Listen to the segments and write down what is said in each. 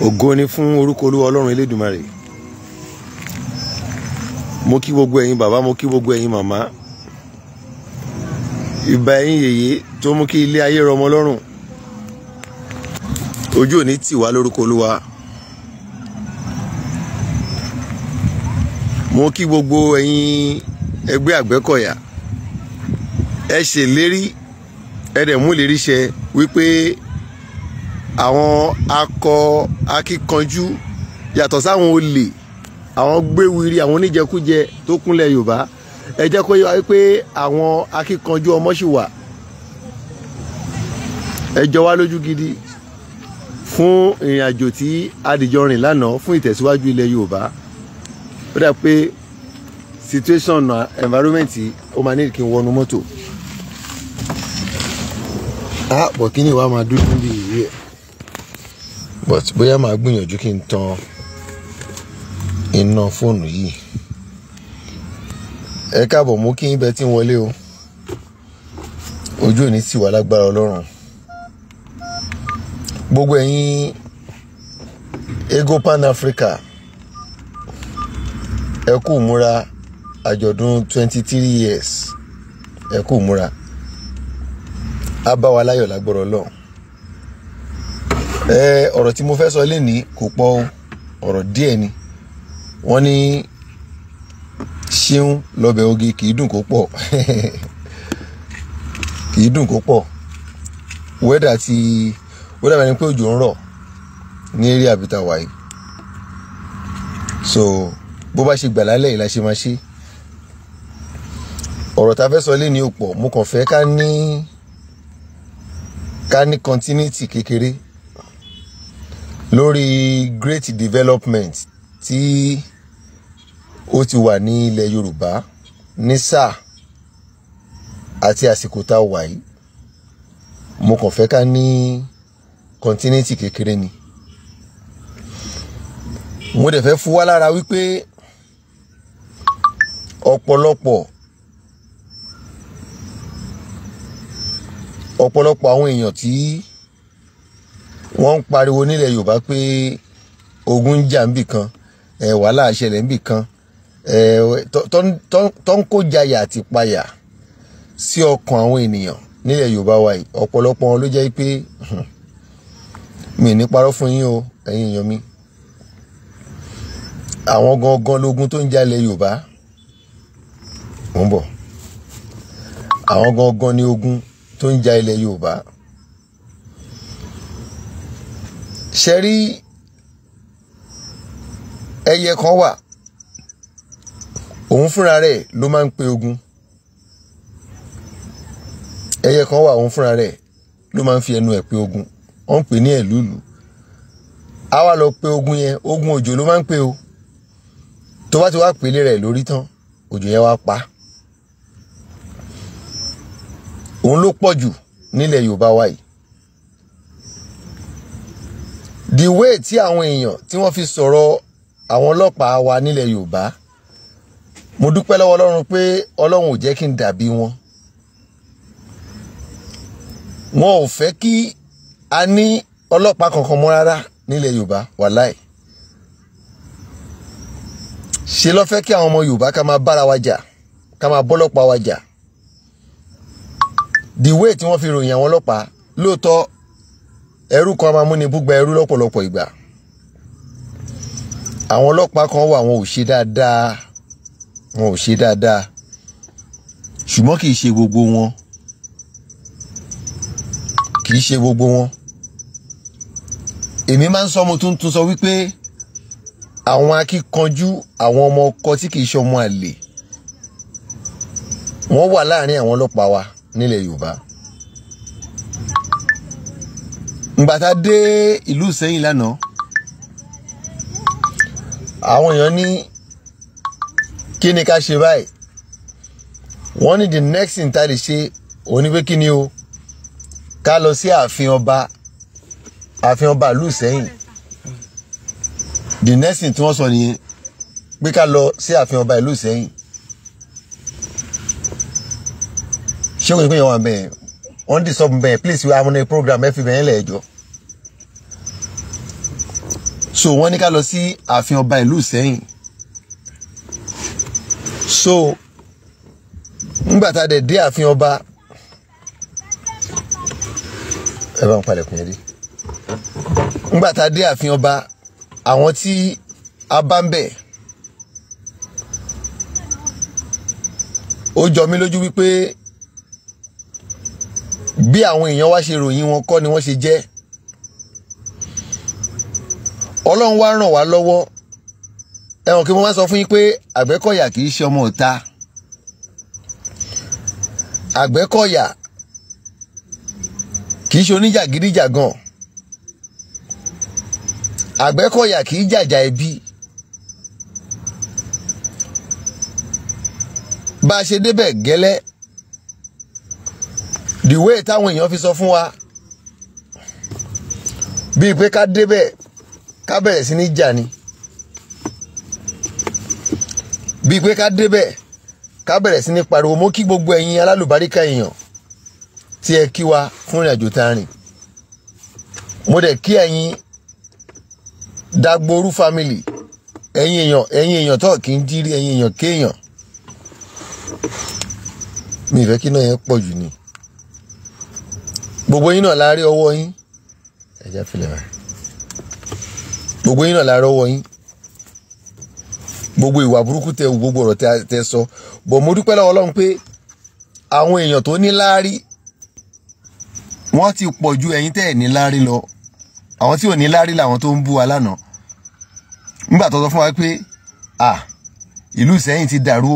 ògo ni fún orúkọ olúwa ọlọ́run elédùmarè mo kí gbogbo ẹ̀yin bàbá mo kí gbogbo ẹ̀yin màmá ìbà ẹ̀yin yèyé tó mú kí ilé ayé rọmọ lọ́rùn ojú òní tì wá lórúkọ olúwa mo kí gbogbo ẹ̀yin ẹgbẹ́ àgbẹ̀kọ̀yà ẹ ṣèlérí ẹ dẹ̀ mú ìlérí ṣẹ wípé àwọn akọ akíkanjú yàtọ̀ sáwọn olè àwọn gbéwiri àwọn oníjẹkújẹ tó kúnlẹ̀ yorùbá ẹ jẹ́ kó yé wa pé àwọn akíkanjú ọmọ ṣì wà ẹ jọ wá lójú gidi fún ìrìn àjò tí adìjọ rìn lánàá fún ìtẹ̀síwájú ilẹ̀ yorùbá ó dà pé situation environment ó máa ní kí n wọnú mọ́tò ah bọ̀ kí ni wàá máa dúdú bí ìwé ẹ̀ but bóyá màá gbìyànjú kí n tan iná fóònù yìí ẹ káàbọ̀ mú kí ibẹ̀ tí ń wọlé o ojú òní sì wà lágbára ọlọ́run gbogbo ẹ̀yin ego pan africa ẹ kú múra àjọ̀dún twenty three years ẹ kú múra a bá wa láyọ̀ lágbára ọlọ́run ọ̀rọ̀ tí mo fẹ́ sọ lénìí kò pọ̀ o ọ̀rọ̀ díẹ̀ ni wọ́n ní ṣeun lọ́bẹ̀ oge kì í dùn kó pọ̀ kì í dùn kó pọ̀ wẹ́dà ti wẹ́dà bá ní pé òjò ń rọ̀ ní eré àbíta wàyí so bó bá ṣe gbà lálẹ́ yìí la ṣe máa ṣe ọ̀rọ̀ tá a fẹ́ sọ lénìí ò pọ̀ mo kàn fẹ́ ká ní ká ní continuity kékeré lórí great development tí ó ti wà ní ilẹ̀ Yorùbá ní sáà àti àsìkò tá a wà yìí mo kàn fẹ́ ká ní kọ́ńtínẹ́ǹtì kékeré ni mo dẹ̀ fẹ́ fún wa lára wípé ọ̀pọ̀lọpọ̀ ọ̀pọ̀lọpọ̀ àwọn èèyàn tí. Tí wọ́n ń pariwo nílẹ̀ yorùbá pé ogun ń jà níbì kan wàhálà ṣẹlẹ̀ níbì kan tó ń kó jayà àti payà sí ọkàn àwọn ènìyàn nílẹ̀ yorùbá wa yìí ọ̀pọ̀lọpọ̀ wọn ló jẹ́ pé hmm, mi ní parọ́ fún yín o ẹ̀yin èèyàn mi àwọn gangan lógun tó ń jalẹ̀ yorùbá mò ń bọ̀ àwọn gangan ni ogun tó ń ja ilẹ̀ yorùbá ṣe rí ẹyẹ kan wà òun fúnra rẹ̀ ló máa ń pe ogun ẹyẹ kan wà òun fúnra rẹ̀ ló máa ń fi ẹnu ẹ̀ pe ogun wọ́n ń pè ní ẹ̀lúùlù a wá lọ pe ogun yẹn ogun òjò ló máa ń pe o tó bá ti wá pèlè rẹ̀ lórí tán òjò yẹn wá pa òun ló pọ̀ jù nílẹ̀ Yorùbá wa the way tí àwọn èèyàn tí wọ́n fi sọ̀rọ̀ àwọn ọlọ́pàá wa nílẹ̀ yorùbá mo dúpẹ́ lọ́wọ́ ọlọ́run pé ọlọ́run ò jẹ́ kí n dàbí wọn wọn ò fẹ́ kí a ní ọlọ́pàá kankan mọ́ rárá nílẹ̀ yorùbá wàláì ṣe ló fẹ́ kí àwọn ọmọ yorùbá ká máa bára wa jà ká máa bọ́lọ́pàá wa jà the way tí wọ́n fi ròyìn àwọn ọlọ́pàá lóòótọ́ ẹrú kan máa mú ni búgba ẹrú lọ́pọ̀lọpọ̀ ìgbà àwọn ọlọ́pàá kan wà wọn ò ṣe dáadáa wọn ò ṣe dáadáa ṣùgbọ́n kì í ṣe gbogbo wọn kì í ṣe gbogbo wọn èmi máa ń sọ mo tún tún sọ wípé àwọn akíkanjú àwọn ọmọ ọkọ tí kì í ṣe àlè wọ́n wà láàárín àwọn ọlọ́pàá wa nílẹ̀ Yorùbá. ìgbà tá a dé ìlú Ìsẹ́yìn lánàá àwọn èèyàn ní kí ni ká ṣe báyìí wọ́n ní the next thing tá a lè ṣe òní pé kí ni o ká lọ sí ààfin ọba ààfin ọba ìlú Ìsẹ́yìn the next thing tí wọ́n sọ nìyẹn pé ká lọ sí ààfin ọba ìlú Ìsẹ́yìn ṣé kò ní pé wọ́n dì sọ́ọ̀bù bẹ́ẹ̀ please wá amúnẹ program ẹ fi bẹ́ẹ̀ lẹ́ẹ̀jọ́. so wọ́n ní ká lọ sí ààfin ọba ìlú Ìsẹ́yìn. so nígbà tá a dẹ̀ dé ààfin ọba ẹ bá ń palẹ̀kùn yẹn dé. nígbà dé ààfin ọba àwọn tí a bá ń bẹ̀ ó jọ mí lójú wípé bí àwọn èèyàn wá ṣe ròyìn wọn kọ́ ni wọ́n ṣe jẹ́ ọlọ́run wá ràn wá lọ́wọ́ ẹ̀wọ̀n kí mo wá sọ fún yín pé àgbẹ̀kọ̀yà kì í ṣe ọmọ ọ̀tá àgbẹ̀kọ̀yà kì í ṣe oníjàgídíjàgan àgbẹ̀kọ̀yà kì í jàjà ẹbí bá a ṣe débẹ̀ gẹ́lẹ́ the way táwọn èèyàn fi sọ fún wa bíi pé ká débẹ̀ ká bẹ̀rẹ̀ sí ní jà ni bíi pé ká débẹ̀ ká bẹ̀rẹ̀ sí ní pariwo mo kí gbogbo ẹ̀yin alálùbáríkà èèyàn tí ẹ kí wa fún ìrìnàjò tá a rìn mo dẹ̀ kí ẹ̀yin Dagboru family ẹ̀yin èèyàn ẹ̀yin èèyàn tó kì í jírí ẹ̀yin èèyàn kéèyàn mi ìfẹ́ kí náà yẹn pọ̀ jù ni gbogbo yín náà láàárín ọwọ́ yín ẹja filẹ̀ rẹ̀ gbogbo yín náà láàárín ọwọ́ yín gbogbo ìwà burúkú tẹ gbogbo ọ̀rọ̀ tẹ sọ bọ̀ mo dúpẹ́ lọ́wọ́ Ọlọ́run pé àwọn èèyàn tó ní láárí wọ́n ti pọ̀ ju ẹ̀yin tẹ́ ẹ̀ ní láárí lọ àwọn tí ò ní láárí làwọn tó ń bú wa lánàá nígbà tó sọ fún wa pé à ìlú Ìṣẹ̀yìn ti dàrú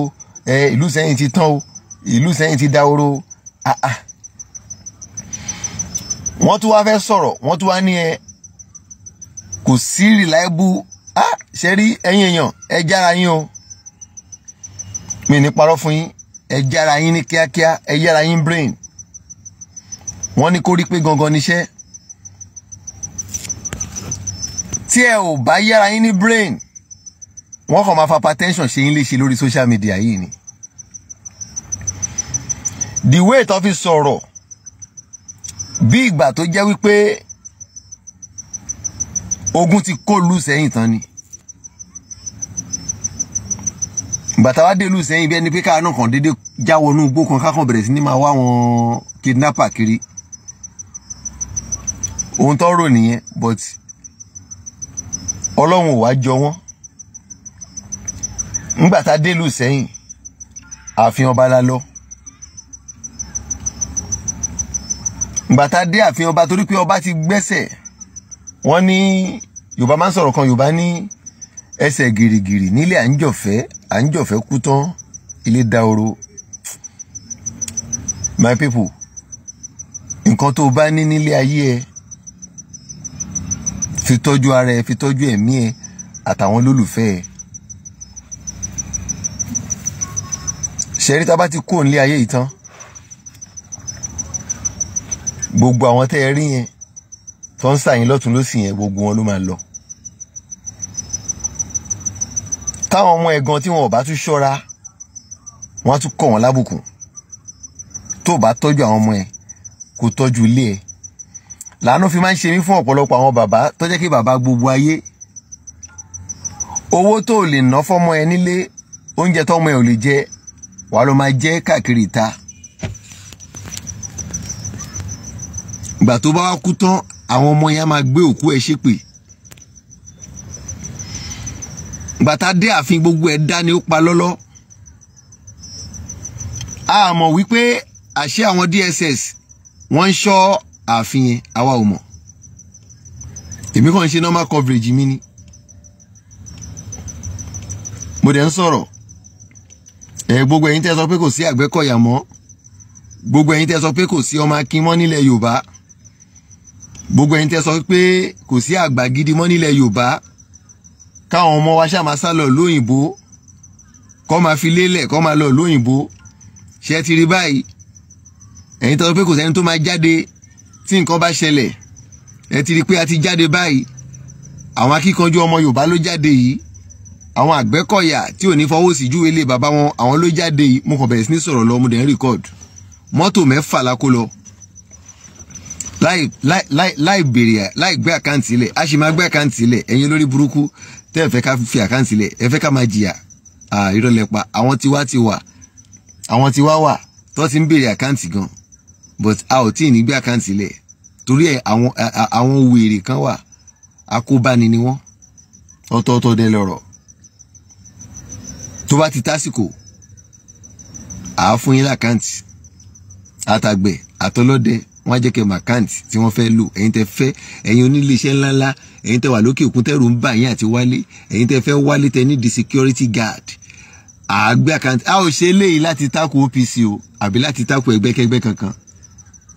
ẹ ìlú Ìṣẹ̀yìn ti tán o ìlú Ìṣẹ̀yìn ti dahoro ah ah wọ́n tún wá fẹ́ sọ̀rọ̀ wọ́n tún wá ní ẹ kò sí reliable ah ṣe rí ẹ̀yin èèyàn ẹ jára yín o mi ní parọ́ fún yín ẹ jára yín ní kíákíá ẹ yára yín brain wọ́n ní kó rí pé gangan níṣẹ́ tí ẹ ò bá yára yín ní brain wọ́n kàn máa fa hypertension ṣe yín léṣe lórí social media yìí ni the way tó fi sọ̀rọ̀. So bí ìgbà tó jẹ́ wípé ogun ti kó lù sẹ́yìn tán ni ìgbà táwa dé lù sẹ́yìn bí ẹni pé káà náà kàn déédé já wọnú igbó kan kákan bẹ̀rẹ̀ sí ní máa wá wọn kidnapper kiri ohun tó rò nìyẹn but ọlọ́run ò wá jọ wọ́n ńgbà tá dé lù sẹ́yìn ààfin ọba la lọ. bàtà dé ààfin ọba torí pé ọba ti gbẹ́sẹ̀ wọ́n ní yorùbá máa ń sọ̀rọ̀ kan yorùbá ní ẹsẹ̀ gìrìgìrì nílé àńjọ̀fẹ́ àńjọ̀fẹ́ kú tán ilé dahoro my people nǹkan tó o bá ní nílé ayé ẹ fi tọ́jú ara ẹ fi tọ́jú ẹ̀mí ẹ àtàwọn olólùfẹ́ ẹ. ṣẹ̀rí tá a bá ti kó nílé ayé yìí tán gbogbo àwọn tẹ́ ẹ rí yẹn tó ń sàyìn lọ́tún lọ́sì yẹn gbogbo wọn ló máa lọ. táwọn ọmọ ẹ̀gan tí wọn ò bá tún ṣọ́ra wọ́n á tún kọ̀ wọ́n lábùkù tó o bá tọ́jú àwọn ọmọ ẹ̀ kó tọ́jú ilé ẹ̀ làánú fi máa ń ṣe mí fún ọ̀pọ̀lọpọ̀ àwọn bàbá tó jẹ́ kí bàbá gbogbo ayé owó tó o lè ná fọ́mọ ẹ nílé oúnjẹ tọ́mọ ẹ ò lè jẹ wàá ló máa jẹ káàkiri ìta ìgbà tó bá wá kú tán àwọn ọmọ yẹn á máa gbé òkú ẹ̀ ṣépè ìgbà a dé ààfin gbogbo ẹ̀ dá ó pa lọ́lọ́ a mọ̀ wípé àṣẹ àwọn DSS wọ́n ń ṣọ́ ààfin yẹn àwa ò mọ̀ èmi kàn ń ṣe normal coverage mi ni mo dẹ̀ ń sọ̀rọ̀ ẹ gbogbo ẹ̀yin tẹ́ sọ pé kò sí Àgbẹ̀kọ̀yà mọ́ gbogbo ẹ̀yin tẹ́ sọ pé kò sí ọmọ akin nílẹ̀ Yorùbá gbogbo ẹni tẹ́ sọ pé kò sí àgbà gidi mọ́ nílẹ̀ yorùbá káwọn ọmọ wa ṣáà máa sá lọ lóyìnbó kọ́ máa fi lélẹ̀ kọ́ máa lọ lóyìnbó ṣe ti rí báyìí ẹ̀yin tọ́ pé kò sẹ́ni tó máa jáde tí nǹkan bá ṣẹlẹ̀ ẹ ti rí pé a ti jáde báyìí àwọn akíkanjú ọmọ yorùbá ló jáde yìí àwọn àgbẹ̀kọ̀yà tí ò ní fọwọ́ sí júwe lé bàbá wọn àwọn ló jáde yìí mo kàn bẹ̀rẹ̀ sí ní sọ̀rọ̀ lọ mo mọ́tò mẹ́fà la kó lọ láì láì láì láì béèrè láì gbé àkáǹtì ilẹ̀ a sì máa gbé àkáǹtì ilẹ̀ ẹ̀yin lórí burúkú tẹ́ ẹ fẹ́ ká fi àkáǹtì ilẹ̀ ẹ fẹ́ ká máa jìyà ìrọ̀lẹ́pa àwọn tiwa ti wà àwọn tiwa wà tó ti ń béèrè àkáǹtì gan but a ò tí ì ní gbé àkáǹtì ilẹ̀ torí àwọn àwọn wèrè kan wà akóbáni ni wọ́n ọ̀tọ̀ọ̀tọ̀ dẹ lọ́rọ̀ tó bá ti tásìkò àá fún yín lákáǹtì àtàgbẹ̀ àtọlọ́dẹ wọ́n á jẹ́ kẹ́ mọ àkáǹtì tí wọ́n fẹ́ lò ẹ̀yin tẹ́ fẹ́ ẹ̀yin oníléeṣẹ́ ńláńlá ẹ̀yin tẹ́ wà lókè òkun tẹ́rù ń bà yín àti wálé ẹ̀yin tẹ́ fẹ́ wálé tẹ́ ní the security guard àgbẹ àkáǹtì a ò ṣe eléyìí láti tako OPC o àbí láti tako ẹgbẹ́kẹ́gbẹ́ kankan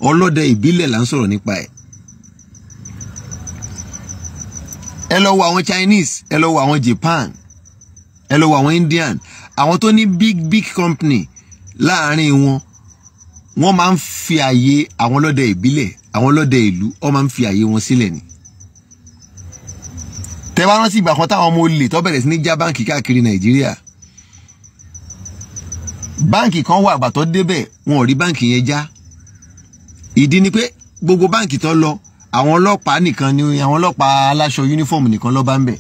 ọlọ́dẹ ìbílẹ̀ là ń sọ̀rọ̀ nípa ẹ̀ ẹ lọ wo àwọn Chinese ẹ lọ wo àwọn Japan ẹ lọ wo àwọn Indian àwọn tó ní big big company láàárín wọn wọ́n máa ń fi àyè àwọn ọlọ́dẹ ìbílẹ̀ àwọn ọlọ́dẹ ìlú wọ́n máa ń fi àyè wọn sílẹ̀ ni. tẹ́ bá rántí ìgbà kan táwọn ọmọ olè tó bẹ̀rẹ̀ sí ní já báǹkì káàkiri nàìjíríà báǹkì kan wà àgbà tó débẹ̀ wọn ò rí báǹkì yẹn já ìdí ni pé gbogbo báǹkì tó lọ àwọn ọlọ́pàá nìkan ni àwọn ọlọ́pàá aláṣọ yúnífọ̀mù nìkan ló bá ń bẹ̀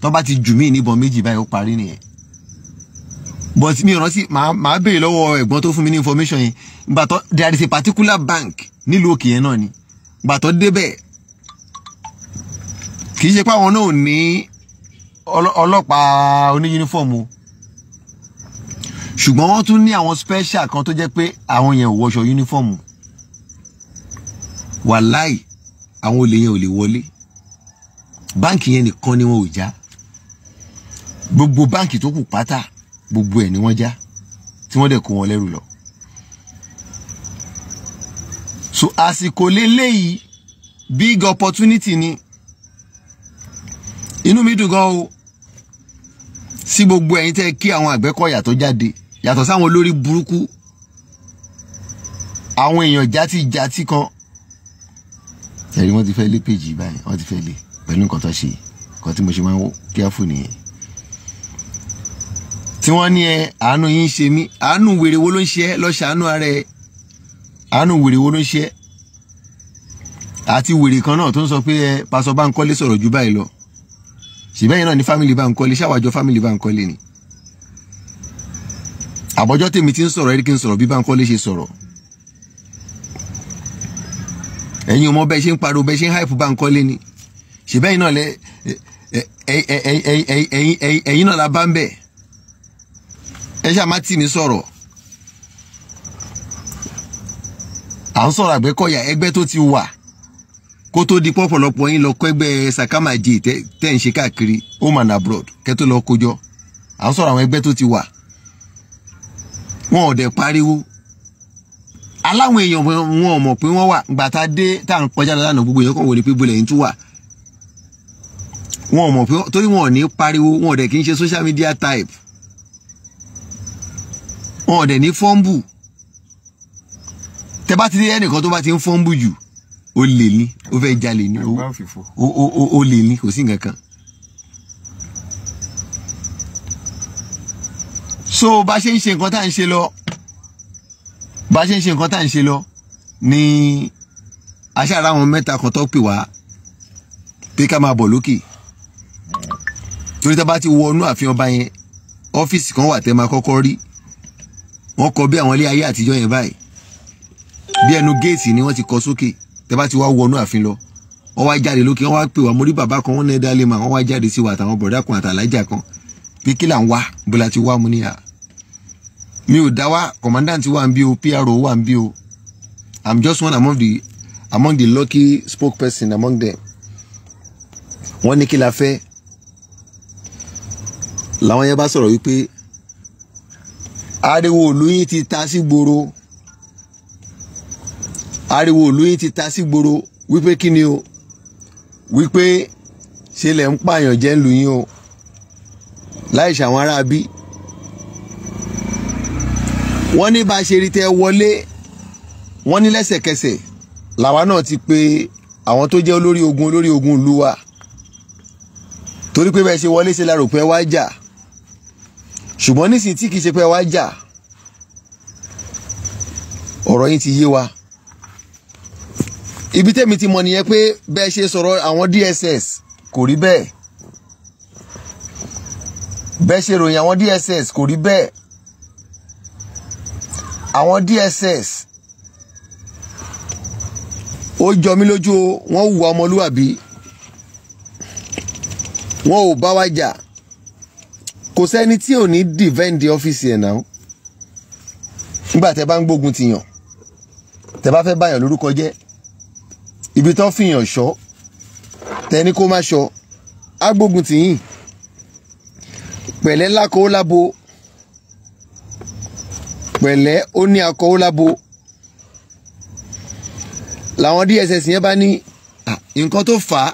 tó bá ti jù mí níbọn méjì báyìí ó parí nìyẹn but mi rántí màá béèrè lọ́wọ́ ẹ̀gbọ́n tó fún mi ní information yẹn gbàtọ́ there is a particular bank nílùú òkè yẹn náà ni gbàtọ́ débẹ̀ kì í ṣe pé àwọn náà ò ní ọlọ́pàá oní yunifọ́ọ̀mù ṣùgbọ́n tún ní àwọn special kan tó jẹ́ pé àwọn yẹn ò wọṣọ yunifọ́ọ̀mù wàláì àwọn olè yẹn ò lè wọlé báǹkì yẹn nìkan ni wọn ò já gbogbo báǹkì tó kù pátá gbogbo ẹ̀ ni wọ́n já tí wọ́n dẹ̀ kó wọn lẹ́rù lọ. so àsìkò lélẹ́yìí big opportunity ni inú mi dùn gan o sí gbogbo ẹ̀yin tẹ́ kí àwọn àgbẹ̀kọ̀yà tó jáde yàtọ̀ sáwọn olórí burúkú àwọn èèyàn játijàti kan ẹ̀rí wọ́n ti fẹ́ lé péjì báyìí wọ́n ti fẹ́ lé pẹ̀lú nǹkan tó ṣe nǹkan tí mo ṣe máa ń kíáfù nìyẹn tí wọ́n ní ẹ àánú yín ń ṣe mí àánú wèrè wo ló ń ṣe ẹ lọ́ọ́ ṣàánú ara ẹ àánú wèrè wo ló ń ṣe ẹ́ àti wèrè kan náà tó ń sọ pé ẹ pásọ Bánkọ́lé sọ̀rọ̀ ju báyìí lọ ṣìbẹ́yìn náà ní fámìlì Bánkọ́lé ṣàwájọ fámìlì Bánkọ́lé ni àbọ̀jọ́ tèmi ti ń sọ̀rọ̀ ẹ̀rí kí n sọ̀rọ̀ bí Bánkọ́lé ṣe sọ̀rọ̀ ẹ̀yin ọmọ bẹ́ẹ̀ ṣe ń pariwo bẹ́ẹ̀ ṣe ń hype Bánkọ́lé ni ṣìbẹ́yìn náà lẹ ẹ̀yin náà la bá ń bẹ̀ ẹ ṣáà má tì mí sọ̀rọ̀ à ń sọ̀rọ̀ àgbẹ̀kọ̀yà ẹgbẹ́ tó ti wà kó tó di pọ̀pọ̀lọpọ̀ yín lọ kọ́ ẹgbẹ́ sakamaji tẹ́ ń ṣe káàkiri abroad kẹ́ lọ kójọ ẹgbẹ́ tó ti wà wọn ò dẹ̀ pariwo aláwọn èèyàn wọn ò mọ̀ pé wọ́n wà gbà tá a dé tá à ń kọjá lọ́dà gbogbo èèyàn kàn wò wọn ò torí wọn ò ní pariwo wọn ò dẹ̀ kì í ṣe social wọn ò dẹ̀ ní tẹ bá ti rí ẹnìkan tó bá ti ń fọ́n bù jù ó lè ní ó fẹ́ jalè ní ó lè ní kò sí nǹkan kan. so bá ṣe ń ṣe nǹkan tá à ń ṣe lọ bá ṣe ń ṣe nǹkan tá à ń ṣe lọ ní aṣáára àwọn mẹ́ta kan tó pè wá pé ká máa bọ̀ lókè torí tá bá ti wọ inú ààfin ọba ọ́fíìsì kan wà tẹ́ máa kọ́kọ́ rí wọ́n kọ bí àwọn ilé ayé àtijọ́ yẹn báyìí bí ẹnu géètì ni wọ́n ti kọ sókè tẹ́ bá ti wá wọnú ààfin lọ wọ́n wá jáde lókè wọ́n wá pè wá mo bàbá kan wọ́n ní ẹ̀dá mà wọ́n wá jáde sí wa àtàwọn bọ̀dá kan àtàlájà kan pé kí là ń wá bó la ti wá mu níyà mi ò dá wá commandant wà ń bí o PRO wà ń bí o I'm just one among the among the lucky spokesperson among them wọ́n ní kí la fẹ́ làwọn yẹn bá sọ̀rọ̀ wípé ariwo olóyin ti ta sí gbòòrò. Si ariwo ìlú yìí ti ta sí gbòòrò wípé kí ni o wípé ṣe lẹ̀ ń pààyàn jẹ́ ńlù yín o láì ṣàwọn ará bí. wọ́n ní bá a ṣe rí tẹ́ wọlé wọ́n ní lẹ́sẹ̀kẹsẹ̀ làwa náà ti pe àwọn tó jẹ́ olórí ogun olórí ogun ìlú wa torí pé bẹ́ẹ̀ ṣe wọlé ṣe la pé wá jà ṣùgbọ́n nísìnyí tí kì ṣe pé wá jà ọ̀rọ̀ yín ti yé wa ibi tẹ́mi ti mọ̀ nìyẹn pé bẹ́ẹ̀ ṣe sọ̀rọ̀ àwọn DSS kò rí bẹ́ẹ̀ bẹ́ẹ̀ ṣe ròyìn àwọn DSS kò rí bẹ́ẹ̀ àwọn DSS ó jọ mí lójú o wọ́n hùwà ọmọlúwàbí wọn ò bá wa jà kò sẹ́ni tí ò ní dìvẹ́ǹdì ọ́fíìsì ẹ̀ náà nígbà tẹ́ bá ń gbógun tìyàn tẹ́ bá fẹ́ báyàn lórúkọ jẹ́ ibi tán fìyàn ṣọ́ tẹni kó má ṣọ́ agbógun tìyìn pẹ̀lẹ́ lákọ ó lábo pẹ̀lẹ́ ó ní akọ ó làwọn DSS yẹn bá ní nǹkan tó fà á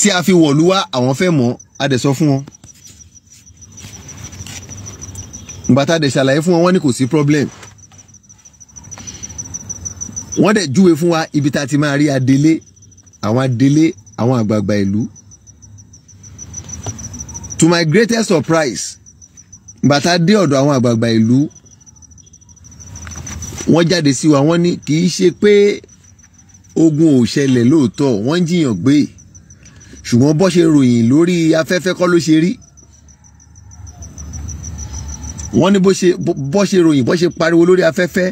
tí a fi wọ̀lú wá àwọn fẹ́ mọ̀ a dẹ̀ sọ fún wọn ìgbà tá a dẹ̀ ṣàlàyé fún wọn wọ́n ní kò sí problem wọ́n dẹ̀ júwe fún wa ibi tá a ti máa rí adelé àwọn adelé àwọn àgbààgbà ìlú to my greatest surprise bàtà dé ọ̀dọ̀ àwọn àgbààgbà ìlú wọ́n jáde sí wa wọ́n ní kì í ṣe pé ogun ò ṣẹlẹ̀ lóòótọ́ wọ́n ń jiyàn gbé ṣùgbọ́n bó ṣe ròyìn lórí afẹ́fẹ́ kọ́ ló ṣe rí wọ́n ní bó ṣe ròyìn bó ṣe pariwo lórí afẹ́fẹ́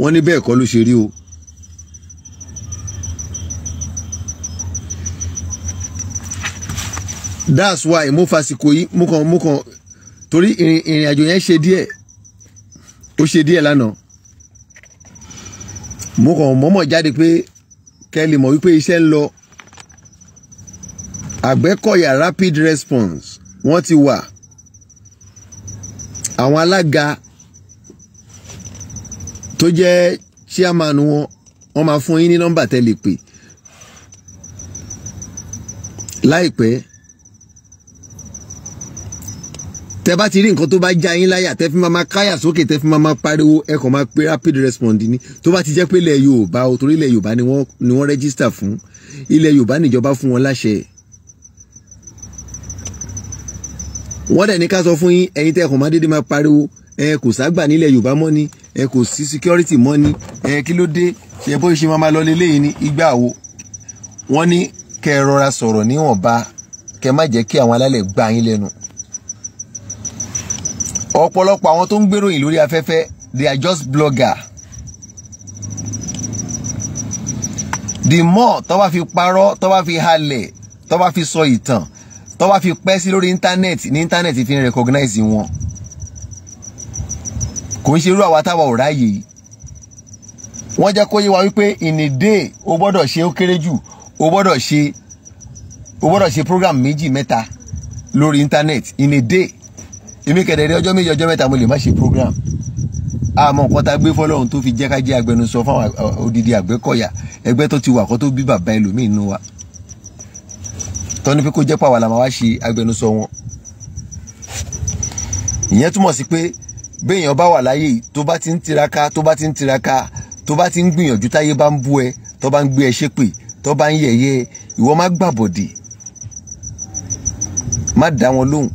wọ́n ní bẹ́ẹ̀ kọ́ ló ṣe rí o that's why mo fasikò yìí mo kàn mo kàn torí ìrìn ìrìn àjò yẹn ṣe díẹ̀ ó ṣe díẹ̀ lánàá mo kàn mọ́mọ́ jáde pé kẹ́lì mọ̀ wípé iṣẹ́ ń lọ àgbẹ̀kọ̀yà rapid response wọ́n ti wà àwọn alága tó jẹ́ chairman wọn wọ́n máa fún yín ní nọ́mbà tẹ́lẹ̀ pé láìpẹ́. tẹ bá ti rí nǹkan tó bá já yín láyà tẹ fi máa káyà sókè tẹ fi máa pariwo ẹ kàn máa pe rapid response ni tó bá ti jẹ́ pé ilẹ̀ Yorùbá o torí ilẹ̀ Yorùbá ni wọ́n ni wọ́n rẹ́gísítà fún ilẹ̀ Yorùbá níjọba fún wọn láṣẹ. wọ́n dẹ̀ ní ká sọ fún yín ẹ̀yin tẹ́ ẹ̀kọ́ máa dédé máa pariwo ẹ kò ságbà nílẹ̀ Yorùbá mọ́ ni ẹ kò sí security mọ́ ni ẹ kí ló dé ṣe bó ṣe máa lọ lélẹ́yìn ní ìgbà wo wọ́n ní kẹ́ ẹ rọra sọ̀rọ̀ níwọ̀nba kẹ́ má jẹ́ kí àwọn alálẹ̀ gbá yín lẹ́nu ọ̀pọ̀lọpọ̀ àwọn tó ń gbéròyìn lórí afẹ́fẹ́ they are just blogger the more tó fi parọ́ tó fi halẹ̀ tó fi sọ ìtàn tó fi pẹ́ sí lórí íńtánẹ́ẹ̀tì ní íńtánẹ́ẹ̀tì fi ń recognize wọn kò ń ṣe irú àwa táwa ò ráàyè yìí wọ́n jẹ́ kó yé wa wípé in a day o gbọ́dọ̀ ṣe ó kéré jù o gbọ́dọ̀ ṣe o gbọ́dọ̀ ṣe program méjì mẹ́ta lórí íńtánẹ́ẹ̀tì in a day èmi kẹ̀dẹ̀ rí ọjọ́ méje ọjọ́ mẹ́ta mo lè má ṣe program àmọ́ nǹkan tá a gbé fọlọ́run tó fi jẹ́ ká jẹ́ agbẹnusọ fún odidi àgbẹ̀kọ̀yà ẹgbẹ́ tó ti wà kó tó bí bàbá ẹlòmíín nù wa tọ́ni pé kó jẹ́ pàwọ́ làmà wá ṣe agbẹnusọ wọn ìyẹn túmọ̀ sí pé béèyàn bá wà láyé tó bá ti ń tiraka tó bá ti ń tiraka tó bá ti ń gbìyànjú táyé bá ń bú ẹ tó bá ń gbé ẹ ṣépè tó bá ń yẹ̀yẹ́ ìwọ má gbàbọ̀dì má dá wọn lóhùn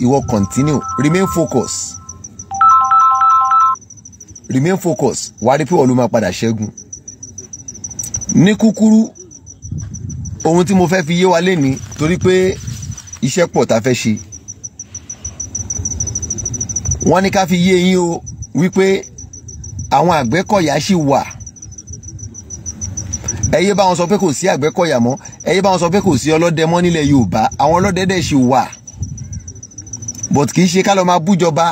ìwọ continue remain focused remain focused wà á rí pé wọ́n ló máa padà ṣẹ́gun ní kúkúrú ohun tí mo fẹ́ fi yé wa lénìí torí pé iṣẹ́ pọ̀ tá a fẹ́ ṣe wọ́n ní ká fi yé yín o wípé àwọn àgbẹ̀kọ̀yà ṣì wà ẹ̀yẹ́ bá wọn sọ pé kò sí àgbẹ̀kọ̀yà mọ́ ẹyẹ bá wọn sọ pé kò sí ọlọ́dẹ mọ́ nílẹ̀ Yorùbá àwọn ọlọ́dẹ dẹ̀ ṣì wà but kì í ṣe ká lọ máa bújọba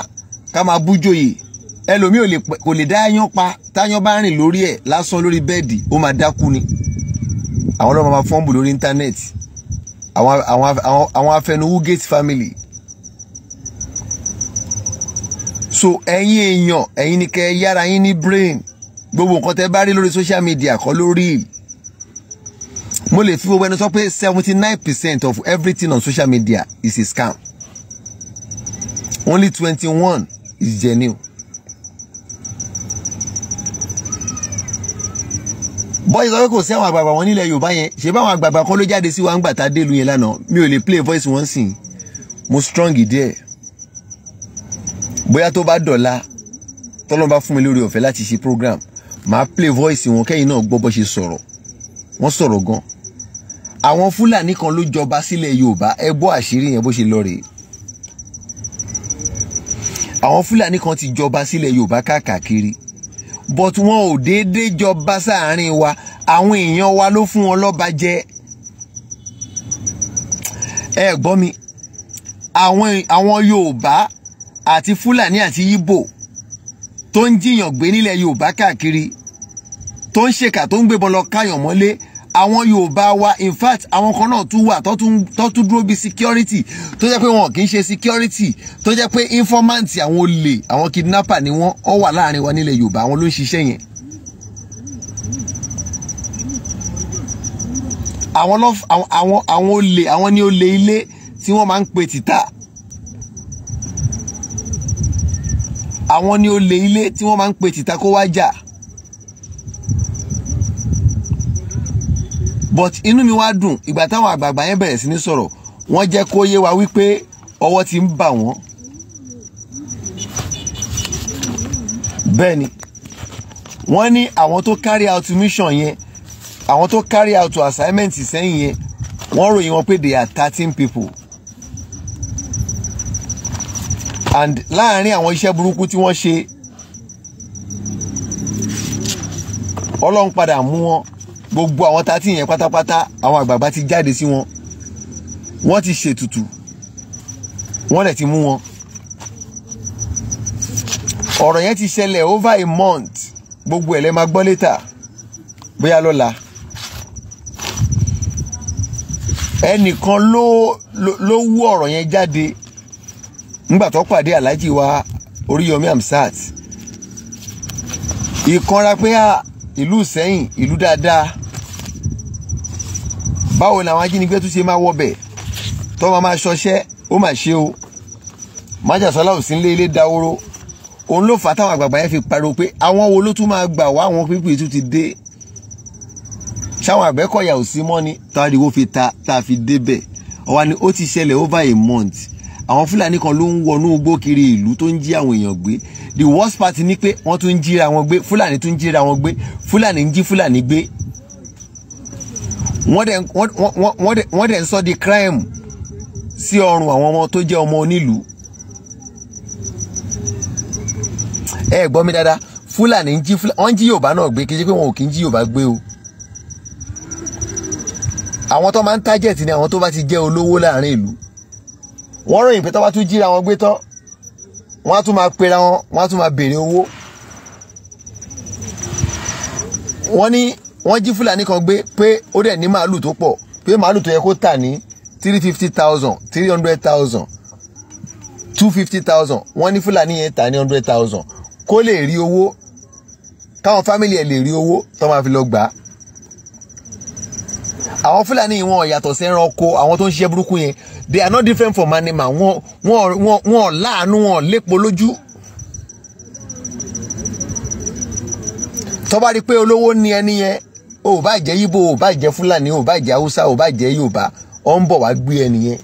ká máa bújòyè ẹlòmíì ò lè kò lè dá aáyán pa táyán bá rìn lórí ẹ̀ lásán lórí bẹ́ẹ̀dì ó máa dákú ni àwọn ọlọ́mọ máa fọ́ǹbù lórí íńtánẹ́ẹ̀tì àwọn afẹnuwú gate family so ẹ̀yin èèyàn ẹ̀yin ni kẹ́ yára yín ní brain gbogbo nǹkan tẹ́ bá rí lórí social media kọ́ lórí yìí mo lè fi gbogbo ẹni sọ pé seventy nine percent of everything on social media is a scam only twenty one is genuine. bọ́ọ̀sì sọ pé kò sí àwọn àgbààgbà wọn nílẹ̀ yorùbá yẹn ṣé báwọn àgbààgbà kan ló jáde sí wa ń gbà tá a dé ìlú yẹn lánàá mi ò lè play voice wọn sìn mo strong díẹ̀ bóyá tó bá dọ̀la tọ́lọ́ bá fún mi lórí ọ̀fẹ́ láti ṣe program màá play voice wọn kẹ́yìn náà gbọ́ bó ṣe sọ̀rọ̀ wọ́n sọ̀rọ̀ gan-an àwọn fúlàní kan ló jọba sílẹ̀ yorùbá ẹ bọ́ àṣírí yẹn bó ṣe lọ rèé àwọn fúlàní kan ti jọba sílẹ̀ yorùbá káàkiri but wọn ò déédéé jọba sáàárín wa àwọn èèyàn wa ló fún wọn lọ́ba jẹ ẹ gbọ́ mi àwọn yorùbá àti fúlàní àti ìbò tó ń jiyàn gbé nílẹ̀ yorùbá káàkiri tó ń ṣèkà tó ń gbébọn lọ káyàn mọ́lé àwọn yorùbá wa in fact àwọn kan náà tún wà tó tún dúró bí security tó jẹ́ pé wọn kì í ṣe security tó jẹ́ pé informant àwọn olè àwọn kidnapper ni wọ́n ọ wà láàrin wa nílẹ̀ yorùbá àwọn ló ń ṣiṣẹ́ yẹn. àwọn lọ àwọn àwọn olè àwọn ní olè ilé tí wọ́n máa ń pè títà àwọn ní olè ilé tí wọ́n máa ń pè títà kó wá jà. Ja. but inú mi wá dùn ìgbà táwọn àgbààgbà yẹn bẹ̀rẹ̀ sí ní sọ̀rọ̀ wọ́n jẹ́ kó yé wa wípé ọwọ́ ti ń bà wọ́n bẹ́ẹ̀ ni wọ́n ní àwọn tó carry out mission yẹn àwọn tó carry out assignment sẹ́yìn yẹn wọ́n ròyìn wọn pé they are thirteen people and láàárín àwọn iṣẹ́ burúkú tí wọ́n ṣe ọlọ́run padà mú wọn gbogbo àwọn tá a ti yẹn pátápátá àwọn àgbààgbà ti jáde sí wọn wọ́n ti ṣètùtù wọ́n dẹ̀ ti mú wọn ọ̀rọ̀ yẹn ti ṣẹlẹ̀ over a month gbogbo ẹ̀ lẹ́ máa gbọ́ létà bóyá lọ́la ẹnìkan ló ló wú ọ̀rọ̀ yẹn jáde nígbà tó pàdé aláàjì wa Oríyọmí Hamzat ìkanra pé ìlú Ìsẹ́yìn ìlú dáadáa báwo làwọn ajínigbé tún ṣe máa wọbẹ̀ tó máa máa ṣọṣẹ́ ó mà ṣe o májàsọ́lá ò sí nílé ilé dáwóró òun ló fà á táwọn àgbààgbà yẹn fi pariwo pé àwọn wo ló tún máa gbà wá àwọn pípì tún ti dé ṣáwọn àgbẹ̀kọ̀yà ò sí mọ́ ni táriwo fi ta tá a fi débẹ̀ ọ̀wá ni ó ti ṣẹlẹ̀ over a month àwọn fúlàní kan ló ń wọnú igbó kiri ìlú tó ń jí àwọn èèyàn gbé the worst part ni pé wọ́n tún ń jíra wọn gbé fúlàní tún ń jíra wọn gbé fúlàní ń jí fúlàní gbé wọ́n dẹ̀ ń sọ di crime sí ọrùn àwọn ọmọ tó jẹ́ ọmọ onílùú ẹ gbọ́ mi dáadáa fúlàní ń jí wọ́n ń jí yorùbá náà gbé kí n ṣe pé wọn ò kí ń jí yorùbá gbé o àwọn tó máa ń tájẹ̀tì ni àwọn tó bá ti jẹ́ olówó láàrin ìlú wọ́n ròyìn pé tó bá tún jíra wọn gbé tán wọ́n á tún máa pera wọn wọ́n á tún máa béèrè owó wọ́n ní wọ́n jí fúlàní kan gbé pé ó dẹ̀ ní màálù tó pọ̀ pé màálù tó yẹ kó tà ní three fifty thousand three hundred thousand two fifty thousand wọ́n ní fúlàní yẹn tà ní hundred thousand kó lè rí owó káwọn fámìlì ẹ̀ lè rí owó tó máa fi lọ gbà á àwọn fúlàní yìí wọn yàtọ̀ sí ẹranko àwọn tó ń ṣiṣẹ́ burúkú yẹn they are not different from animal wọn wọn wọn wọn láàánú wọn lépo lójú. tó bá rí pé olówó ni ẹni yẹn o ò bá jẹ́ Ìgbò o ò bá jẹ́ Fúlàní o ò bá jẹ́ Haúsá o ò bá jẹ́ Yorùbá ọ ń bọ̀ wá gbé ẹ nìyẹn.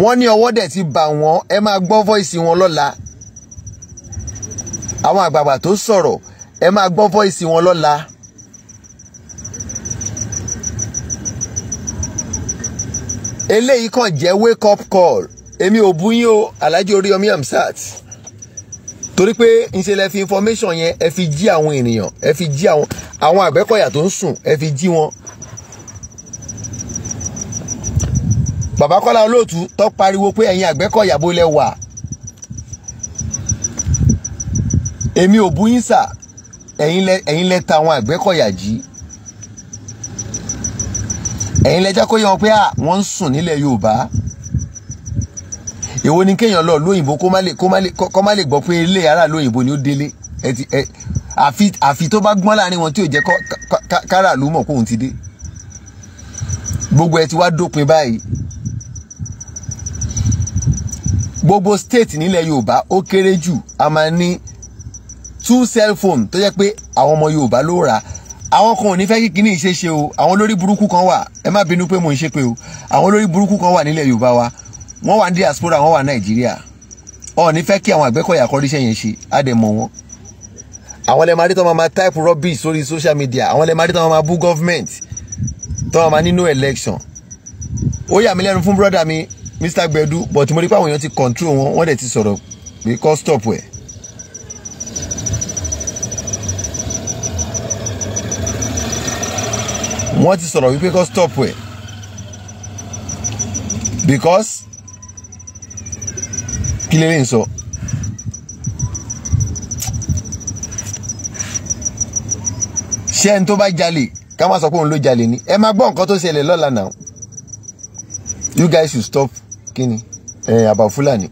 wọ́n ní ọwọ́ dẹ̀ ti bà wọ́n ẹ máa gbọ́ voice wọn lọ́la àwọn àgbààgbà tó sọ̀rọ̀ ẹ máa gbọ́ voice wọn lọ́la. eléyìí kàn jẹ́ wake up call èmi ò bú yín o Alhaji Oríyọmí Hamzat torí pé ńṣe lẹ fi information yẹn ẹ fi jí àwọn ènìyàn ẹ fi jí àwọn àwọn àgbẹ̀kọ̀yà tó ń sùn ẹ fi jí wọn. bàbá Kọ́lá Olóòtú tó pariwo pé ẹ̀yin àgbẹ̀kọ̀yà bó lẹ wà èmi ò bú yín sà ẹ̀yin lẹ ta àwọn àgbẹ̀kọ̀yà jí ẹ̀yin lẹ jẹ́ kó yẹ wọn pé à wọ́n ń sùn nílẹ̀ Yorùbá ìwọ ni kéèyàn lọ lóyìnbó kó má lè kó má lè kó má lè gbọ́ pé ilé ara lóyìnbó ni ó délé ẹ ti ẹ àfi àfi tó bá gbọ́n láàrin wọn tí ò jẹ́ kára ló mọ̀ kóun ti dé gbogbo ẹ ti wá dópin báyìí gbogbo state nílẹ̀ Yorùbá ó kéré jù a máa ní two cell phone tó jẹ́ pé àwọn ọmọ Yorùbá ló rà á àwọn kan ò ní fẹ́ kí kíní ìṣeṣe o àwọn olórí burúkú kan wà ẹ má bínú pé mò ń ṣépè o àwọn olórí burúkú kan wà nílẹ̀ Yorùbá wa wọ́n wà ní diaspora wọ́n wà nàìjíríà ọ̀ ní fẹ́ kí àwọn àgbẹ̀kọ̀yà kọ́ríṣẹ́ yẹn ṣe á dẹ̀ mọ̀ àwọn lè rí tó máa máa type rubbish sórí social media àwọn lè máa rí tó máa máa bú government tó máa máa nínú election. ó yà mí lẹ́nu fún brọ́dà mi Mr. Gbedu but mo rí pé àwọn èèyàn ti control wọn wọ́n dẹ̀ ti sọ̀rọ̀ pé kọ́ stop ẹ̀. wọ́n ti sọ̀rọ̀ wípé kọ́ stop ẹ̀ because kí lélẹ́yìn sọ. ṣé ẹni tó bá jalè ká má sọ pé òun ló jalè ni ẹ máa gbọ́ nǹkan tó ṣẹlẹ̀ lọ́la náà you guys should stop Kini ẹ eh, about Fúlàní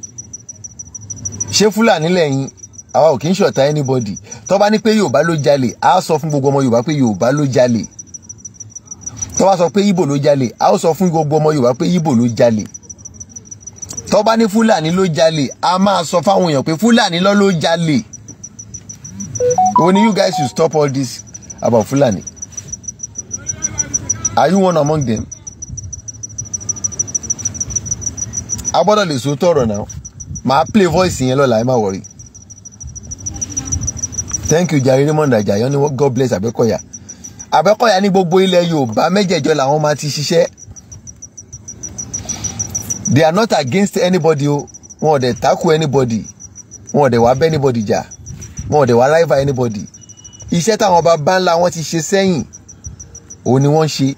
ṣé Fúlàní lẹ́yìn àwa ò kì í ṣọ̀tá anybody tó bá ní pé Yorùbá ló jalè á sọ fún gbogbo ọmọ Yorùbá pé Yorùbá ló jalè tó bá sọ pé Ìgbò ló jalè á sọ fún gbogbo ọmọ Yorùbá pé Ìgbò ló jalè tó bá ní fúlàní ló jalè a máa sọ fáwọn èèyàn pé fúlàní ló ló jalè o ni you guys should stop all this about Fulani are you one among them a gbọ́dọ̀ lè sòótọ́ ọ̀rọ̀ náà màá play voice yẹn lọ́la ẹ má wọrí thank you jare Raymond Ajayi wọ́n ní God bless Abẹ́kọ̀yà Abẹ́kọ̀yà ní gbogbo ilẹ̀ Yorùbá mẹ́jẹ̀jọ làwọn máa ti ṣiṣẹ́ they are not against anybody o wọn ò dẹ̀ takò anybody wọn ò dẹ̀ wá bẹ́ anybody jà wọn ò dẹ̀ wá láìva anybody iṣẹ́ táwọn bàbá ńlá wọn ti ṣe sẹ́yìn òun ni wọ́n ń ṣe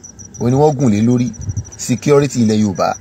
òun ni wọ́n gùn lé lórí security ilẹ̀ Yorùbá.